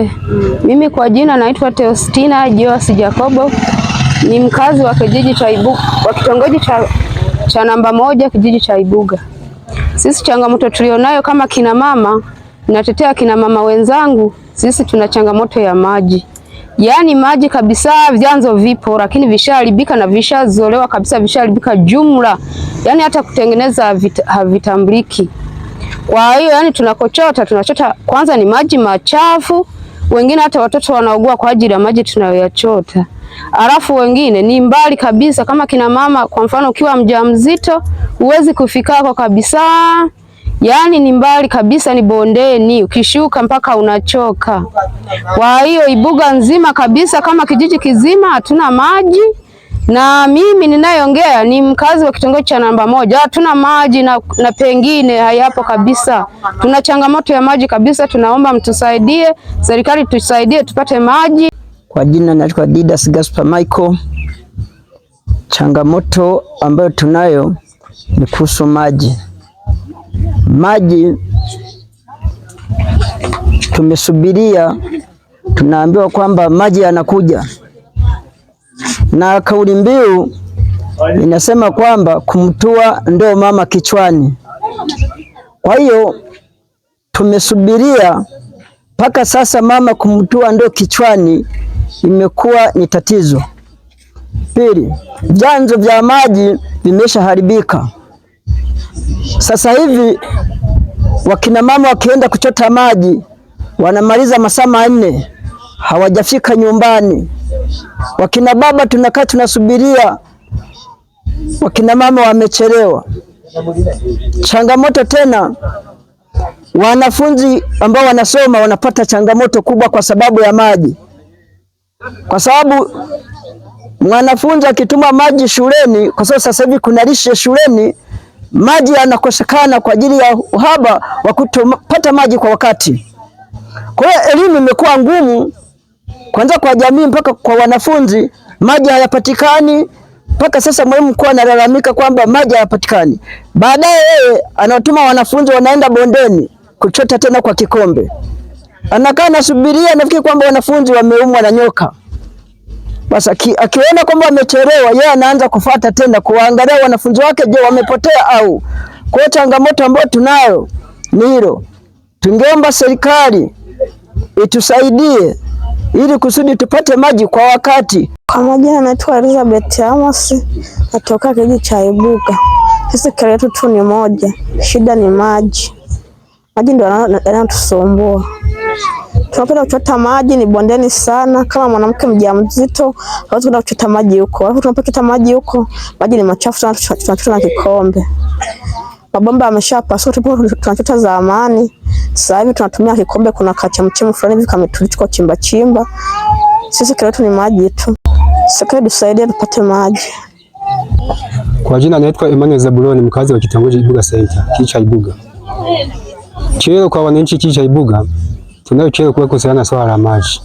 Eh, mimi kwa jina naitwa Teostina Joas Jacobo, ni mkazi wa kijiji cha Ibuga, wa kitongoji cha, cha namba moja kijiji cha Ibuga. Sisi changamoto tulionayo kama kina mama, natetea kina mama wenzangu, sisi tuna changamoto ya maji, yaani maji kabisa, vyanzo vipo lakini vishaharibika na vishazolewa kabisa, vishaharibika jumla, yaani hata kutengeneza havitambuliki. Kwa hiyo yani tunakochota tunachota kwanza ni maji machafu wengine hata watoto wanaugua kwa ajili ya maji tunayoyachota. Alafu wengine ni mbali kabisa, kama kina mama kwa mfano, ukiwa mjamzito huwezi kufikako kabisa, yaani ni mbali kabisa, ni bondeni, ukishuka mpaka unachoka. Kwa hiyo Ibuga nzima kabisa, kama kijiji kizima hatuna maji na mimi ninayeongea ni mkazi wa kitongoji cha namba moja. Hatuna maji na, na pengine hayapo kabisa. Tuna changamoto ya maji kabisa, tunaomba mtusaidie, serikali tusaidie tupate maji. Kwa jina naitwa Didas Gaspar Michael. Changamoto ambayo tunayo ni kuhusu maji. Maji tumesubiria, tunaambiwa kwamba maji yanakuja na kauli mbiu inasema kwamba kumtua ndoo mama kichwani. Kwa hiyo tumesubiria mpaka sasa, mama kumtua ndoo kichwani imekuwa ni tatizo. Pili, vyanzo vya maji vimeshaharibika. Sasa hivi wakina mama wakienda kuchota maji wanamaliza masaa manne hawajafika nyumbani. Wakina baba tunakaa tunasubiria, wakina mama wamechelewa. Changamoto tena, wanafunzi ambao wanasoma wanapata changamoto kubwa kwa sababu ya maji, kwa sababu mwanafunzi akituma maji shuleni, kwa sababu sasa hivi kuna lishe shuleni, maji yanakosekana kwa ajili ya uhaba wa kutopata maji kwa wakati. Kwa hiyo elimu imekuwa ngumu kwanza kwa jamii mpaka kwa wanafunzi. Maji hayapatikani mpaka sasa. Mwalimu mkuu analalamika kwamba maji hayapatikani, baadaye yeye anatuma wanafunzi wanaenda bondeni kuchota tena kwa kikombe, anakaa nasubiria, nafikiri kwamba wanafunzi wameumwa na nyoka. Basa ki, akiona kwamba wamechelewa, yeye anaanza kufata tena kuwaangalia wanafunzi wake, je, wamepotea au. Kwa changamoto ambayo tunayo ni hilo, tungeomba serikali itusaidie ili kusudi tupate maji kwa wakati. Kwa majina anaitwa Elizabeth Amos, natoka kijiji cha Ibuka. Sisi kero yetu tu ni moja, shida ni maji. Maji ndio yanatusumbua. Tunapenda kuchota maji ni bondeni sana. Kama mwanamke mjamzito hawezi kwenda kuchota maji huko, alafu tunapochota maji huko, maji ni machafu sana, tunachota na kikombe mabomba yameshapa, so tupo tunachota za amani. Sasa hivi tunatumia kikombe, kuna kachemchemu fulani hivi kametulichukua chimba chimba. Sisi kile tu ni maji tu, serikali tusaidie tupate maji. Kwa jina naitwa Emmanuel Zabuloni, mkazi wa kitongoji Ibuga Saita, kicha Ibuga. Chelo kwa wananchi kicha Ibuga, tunayo chelo kwa kuhusiana na swala la maji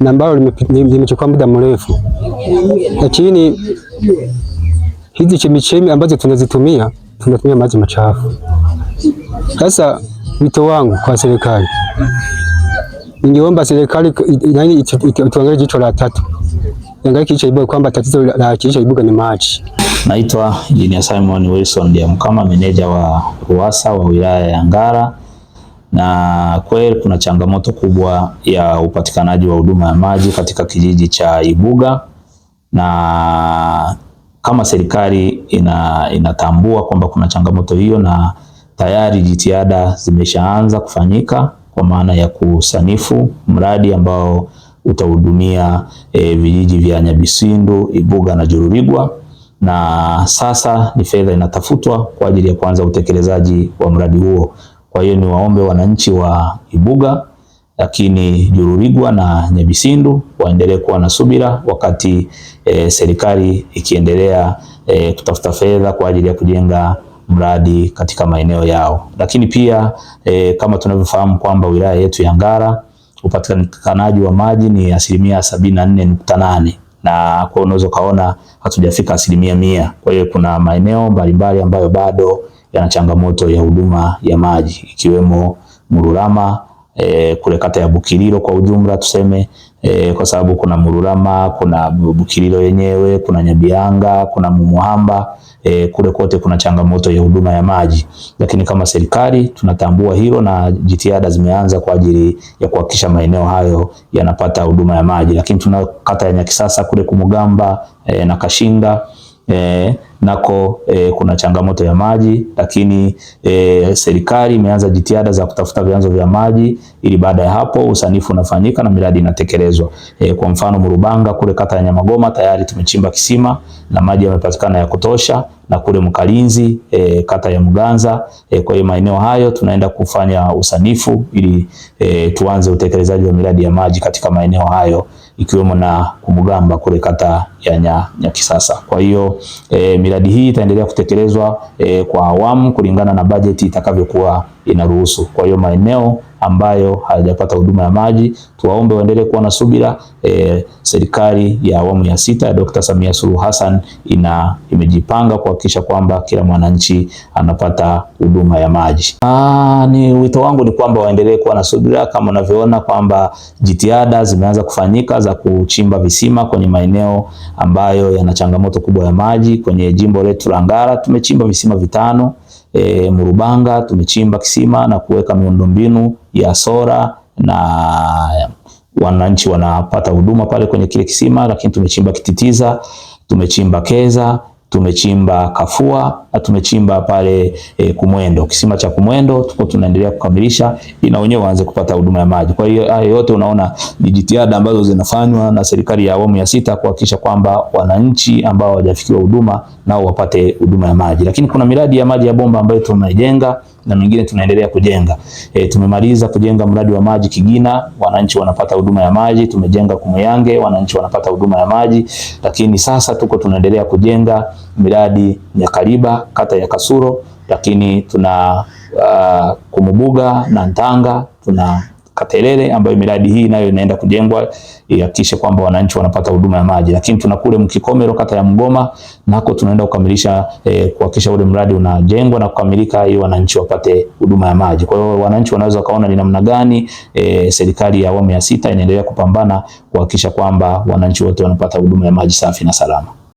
na ambalo limechukua muda mrefu, lakini hizi chemichemi ambazo tunazitumia tunatumia maji machafu. Sasa wito wangu kwa serikali, ningeomba serikali ituangalie jicho la tatu, angalie kilichoibuka kwamba tatizo la kilichoibuka ni maji. Naitwa Injinia Simon Wilson ndiye mkama meneja wa RUWASA wa wilaya ya Ngara, na kweli kuna changamoto kubwa ya upatikanaji wa huduma ya maji katika kijiji cha Ibuga na kama serikali ina, inatambua kwamba kuna changamoto hiyo na tayari jitihada zimeshaanza kufanyika kwa maana ya kusanifu mradi ambao utahudumia e, vijiji vya Nyabisindu, Ibuga na Jururigwa na sasa ni fedha inatafutwa kwa ajili ya kuanza utekelezaji wa mradi huo. Kwa hiyo ni waombe wananchi wa Ibuga lakini Jururigwa na Nyabisindu waendelee kuwa na subira wakati e, serikali ikiendelea e, kutafuta fedha kwa ajili ya kujenga mradi katika maeneo yao. Lakini pia e, kama tunavyofahamu kwamba wilaya yetu ya Ngara upatikanaji wa maji ni asilimia sabini na nne nukta nane na kwa unaweza ukaona hatujafika asilimia mia. Kwa hiyo kuna maeneo mbalimbali ambayo bado yana changamoto ya huduma ya maji ikiwemo Mururama e, kule kata ya Bukiriro kwa ujumla tuseme e, kwa sababu kuna Mururama, kuna Bukiriro yenyewe, kuna Nyabianga, kuna Mumuhamba e, kule kote kuna changamoto ya huduma ya maji, lakini kama serikali tunatambua hilo na jitihada zimeanza kwa ajili ya kuhakikisha maeneo hayo yanapata huduma ya maji, lakini tuna kata ya Nyakisasa kule Kumugamba e, na Kashinga e, nako e, kuna changamoto ya maji, lakini e, serikali imeanza jitihada za kutafuta vyanzo vya maji ili baada ya hapo usanifu unafanyika na miradi inatekelezwa. E, kwa mfano Murubanga kule kata ya Nyamagoma tayari tumechimba kisima na maji yamepatikana ya kutosha, na kule Mkalinzi e, kata ya Muganza e, kwa hiyo maeneo hayo tunaenda kufanya usanifu ili e, tuanze utekelezaji wa miradi ya maji katika maeneo hayo ikiwemo na Kumugamba kule kata ya Nyakisasa. Kwa hiyo e, miradi hii itaendelea kutekelezwa e, kwa awamu kulingana na bajeti itakavyokuwa inaruhusu. Kwa hiyo maeneo ambayo hayajapata huduma ya maji. Tuwaombe waendelee kuwa na subira e, serikali ya awamu ya sita ya Samia Suluhu Hassan ina imejipanga kuhakikisha kwamba kila mwananchi anapata huduma ya maji. Aa, ni wito wangu ni kwamba waendelee kuwa na subira kama unavyoona kwamba jitihada zimeanza kufanyika za kuchimba visima kwenye maeneo ambayo yana changamoto kubwa ya maji. Kwenye jimbo letu la Ngara tumechimba visima vitano e, Murubanga tumechimba kisima na kuweka miundombinu ya sora na wananchi wanapata huduma pale kwenye kile kisima, lakini tumechimba kititiza, tumechimba keza tumechimba Kafua na tumechimba pale e, Kumwendo, kisima cha Kumwendo tuko tunaendelea kukamilisha ili na wenyewe waanze kupata huduma ya maji. Kwa hiyo hayo yote unaona ni jitihada ambazo zinafanywa na serikali ya awamu ya sita kuhakikisha kwamba wananchi ambao hawajafikiwa huduma nao wapate huduma ya maji, lakini kuna miradi ya maji ya bomba ambayo tumejenga na mingine tunaendelea kujenga. E, tumemaliza kujenga mradi wa maji Kigina, wananchi wanapata huduma ya maji. Tumejenga Kumuyange, wananchi wanapata huduma ya maji, lakini sasa tuko tunaendelea kujenga miradi ya Kariba, kata ya Kasuro, lakini tuna uh, Kumubuga na Ntanga tuna Katelele ambayo miradi hii nayo inaenda kujengwa ihakikishe kwamba wananchi wanapata huduma ya maji, lakini tuna kule Mkikomero kata ya Mgoma nako tunaenda kukamilisha e, kuhakikisha ule mradi unajengwa na kukamilika ili wananchi wapate huduma ya maji. Kwa hiyo wananchi wanaweza kaona ni namna gani e, serikali ya awamu ya sita inaendelea kupambana kuhakikisha kwamba wananchi wote wanapata huduma ya maji safi na salama.